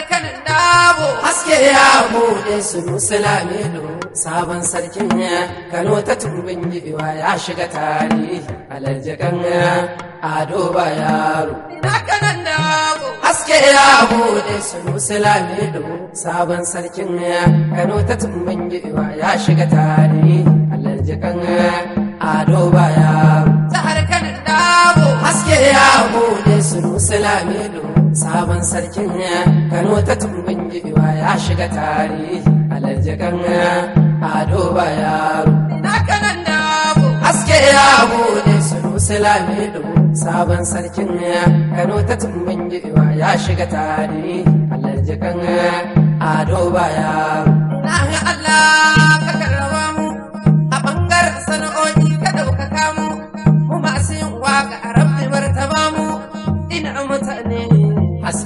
kanin dawo. haske ya bude su musulamino sabon sarkin kano ta turbin giwa ya shiga tarihi alarjakan ado ba yaro kanin dawo. haske ya bude su musulamino sabon sarkin kano ta turbin giwa ya shiga tarihi alarjakan ado ba yaro ta harkar dawo. haske ya bude su musulamino sabon sarkin kano ta tumbin giwa ya shiga tarihi alajikan ado ba yaro na kanan da abu haske ya bude sunusi lamido sabon sarkin kano ta tumbin giwa ya shiga tarihi alajikan ado ba yaro na ga allah ka karrama mu a bangar sana'o'i ka ɗaukaka mu mu masu yin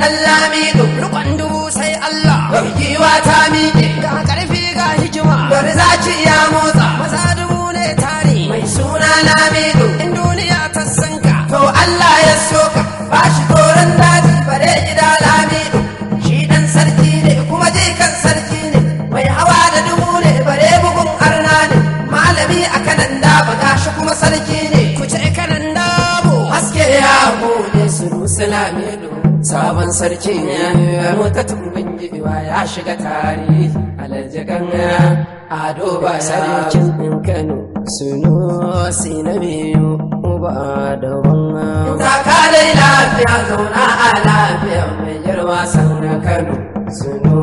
Allah mi dubu rukun dubu sai Allah giwa ta miƙe sabon sarkin motatun bingiwa ya shiga tarihi alajikan ado ba sarkin kano suno si na biyu ba da wanga ta dai lafiya zauna a lafiya mai yarwa sauna kano suno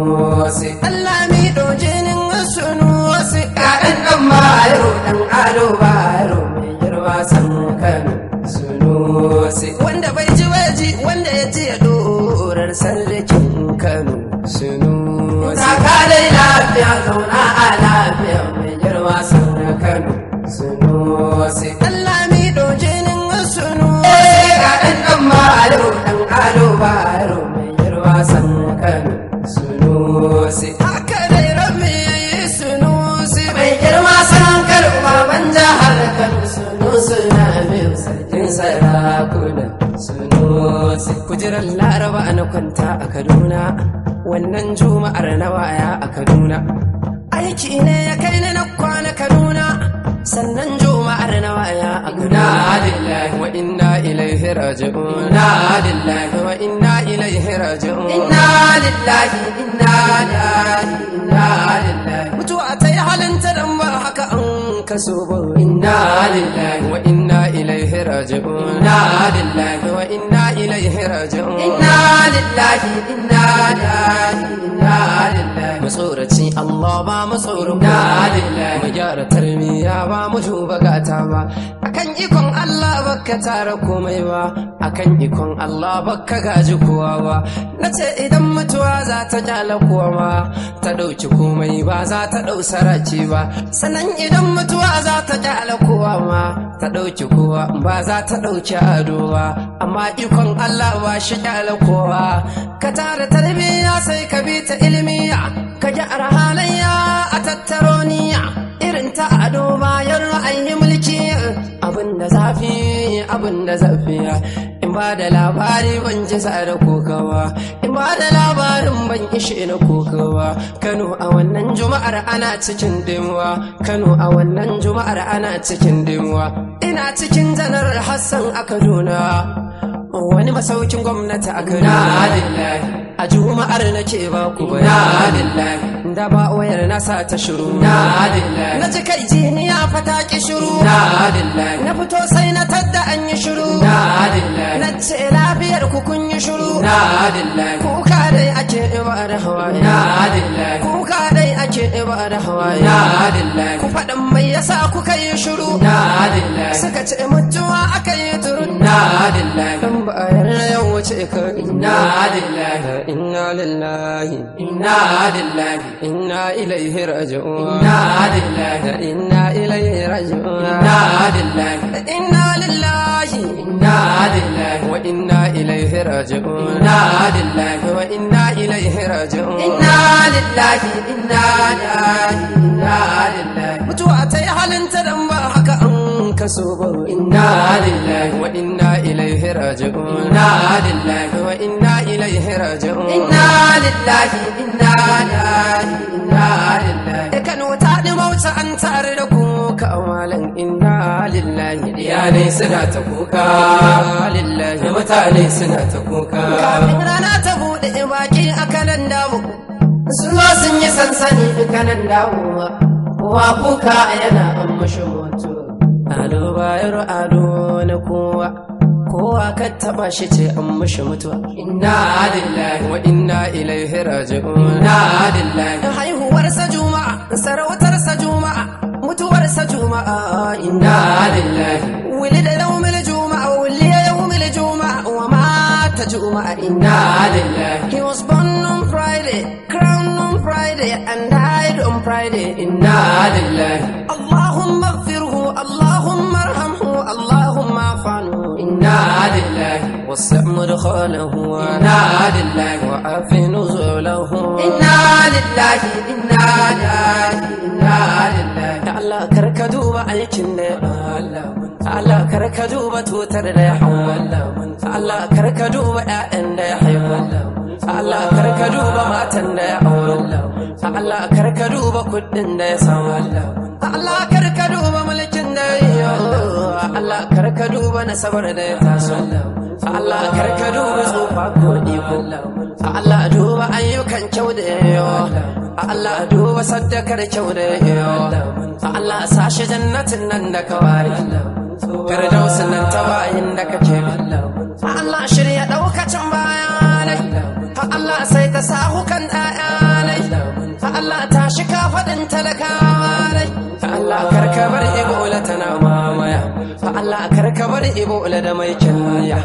si allah mi dojinin suno si ɗan ma bayaro ɗan ado bayaro mai yarwa sauna kano suno si wanda aurar sarrace kujerar laraba na kwanta a kaduna wannan juma'ar na waya a kaduna aiki ne ya kai na kwana kaduna sannan juma'ar na waya a kaduna lillahi wa inna ilaihi raji'un inna lillahi wa inna ilaihi raji'un inna lillahi inna lillahi inna lillahi mutuwa ta yi halinta dan ba haka an kaso ba inna lillahi wa inna ilaihi raji'un inna lillahi wa inna ilaihi raji'un inna lillahi inna lillahi inna lillahi matsoraci Allah ba matsoro inna lillahi gyara tarmiya ba mu duba gata ba akan ikon Allah baka tara komai ba akan ikon Allah baka gaji kowa ba na ce idan mutuwa za ta kyala kowa ma ta ɗauki komai ba za ta ɗau saraki ba Sanan idan mutuwa za ta kyala kowa ma ta ɗauki kowa ba za ta ɗauki ado ba amma ikon Allah ba shi kyala kowa ka tara tarbiyya sai ka bi ta ilmiya ka gyara halayya a tattaro niyya irin ta ado bayan ra'ayi mulki abin da zafi abin da zafiya. ba da labari ban ji da kokawa in ba da labarin ban ishe na kokawa kano a wannan juma'ar ana cikin dimuwa kano a wannan juma'ar ana cikin dimuwa ina cikin janar hassan a kaduna wani masaukin gwamnati a kaduna a juma'ar na ke ba ku bayani da ba wayar nasa ta shiru na ji kai jiniya fata ki shiru na Na fito sai na tadda an yi shiru said ku kun yi shuru na dillahi kuka dai ake iba da hawaye na dillahi kuka dai ake iba da hawaye na adillahi ku fadan mai yasa kuka yi shuru na adillahi suka ce mutuwa aka yi turun na adillahi kan ba yarda yau wace ka inna adillahi inna lillahi inna adillahi inna ilaihi raji'un inna adillahi inna ilaihi raji'un inna adillahi inna lillahi inna adillahi wa inna ilaihi ilaihi raji'un inna lillahi wa inna ilaihi raji'un inna lillahi inna lillahi mutuwa ta yi halin ta dan ba haka an kaso ba inna lillahi wa inna ilaihi raji'un inna lillahi wa inna ilaihi raji'un inna lillahi inna lillahi inna lillahi kanu ta dimauta an tare da ku kuka malam inna lillahi diyanai suna ta kuka lillahi mutane suna ta kuka kafin rana ta buɗe baki a kanan damu sun zo sun yi sansani a kanan damuwa kowa kuka yana an mashi mutu ado bayar alo na kowa kowa ka taba shi ce an mushi mutuwa inna lillahi wa inna ilaihi raji'un inna lillahi haihuwar sa juma'a sarauta الجمعة إنا لله ولد يوم الجمعة ولي يوم الجمعة ومات جمعة إنا لله He was born on Friday, crowned on Friday and died on Friday إنا لله اللهم اغفره اللهم ارحمه اللهم اعفنه إنا لله وسع مدخله إنا لله وعف نزله إنا لله إنا لله إنا duba aikin da Allah kar ka duba tutar da ya haihu Allah kar ka duba ƴaƴan da ya haihu Allah kar ka duba matan da ya auro Allah kar ka duba kuɗin da ya samu Allah kar ka duba mulkin da ya yi oh. Allah kar ka duba nasabar da ya taso Allah karka duba tsufa ko iko Allah duba ayyukan kyau da yawa Allah duba sadakar kyau da yawa Allah sashi jannatin nan da ka kawai Firdausin nan ta inda ka bayin da kake Allah shirya daukacin bayanai Allah sai ta sahukan ɗayanai Allah tashi kafaɗin talakawa Allah karkabar ibola tana mamaya Allah karkabar ibola da mai kyanya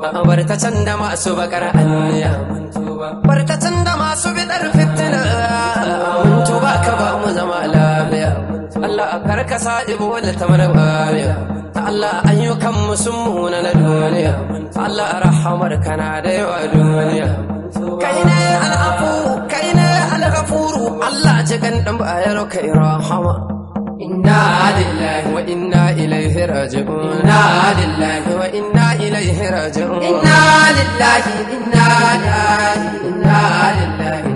barkacin da masu bakar hanya barkacin da masu bidar fitina mun tuba ka ba mu zama lafiya Allah a karkasa ibo da tamar bariya Allah ayyukan mu sun muna na duniya Allah rahamar kana da yawa duniya kai ne al'afu kai ne al Allah ce kan dan bayar kai rahama inna lillahi wa inna ilaihi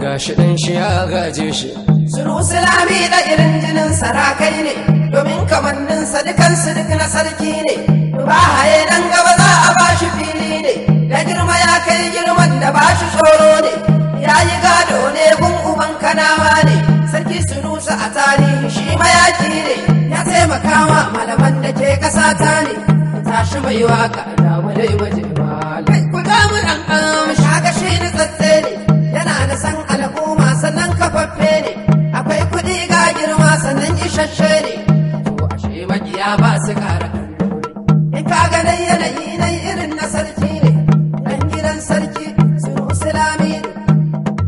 gashi shi ya gaje shi sulami da irin jinin sarakai ne domin kamannin sadukan duk na sarki ne ba haye dan gaba za a bashi fili ne da girma ya kai girman da bashi tsoro ne ya yi gado ne gun uban kanawa ne sarki sunusa a tarihi shi mayaki kama malaman da ke ƙasa ta ne tashi mai waka da mulai baje malai ku da mu dan am shaga shi ni tsatse ne yana da san al'umma sannan kafaffe ne akwai kuɗi ga girma sannan isasshe ne to ashe makiya ba su in ka ga nan yanayi na irin na sarki ne dan gidan sarki sun usulami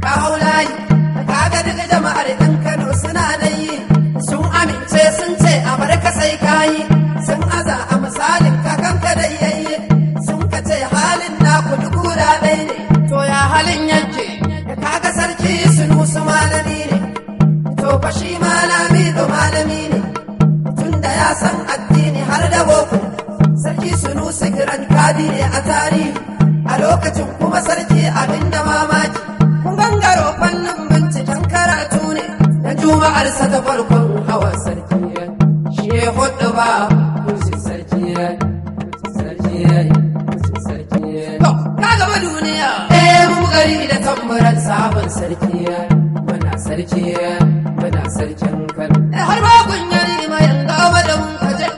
ka haulayi ka ga duk jama'ar ɗinka yayi sun aza a misalin kakan kadai yayi sun kace halin na duk guda ɗaya ne to ya halin yake da kaga sarki sunusu malami ne to fa shi malami do malami ne tunda ya san addini har da boko sarki sunusu kiran kadi ne a tarihi a lokacin kuma sarki abinda mamaki kun gangaro fannin binciken karatu ne na juma'ar ta farkon hawansa ba kusi duniya eh, gari da tamburan sabon eh, har ba kunyari da mun kaje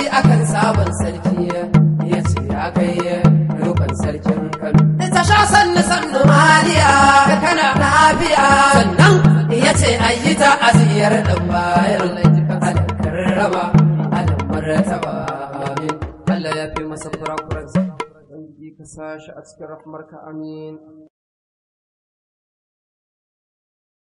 eh akan sabon sarki ya ce ya kai sarkin kan eh, ta sha sannu sannu mariya kana lafiya sannan ya a ziyar lai raba alin martaba amin Allah ya fi masa kurakuransa ubangiji ka sashi a cikin rahmarka amin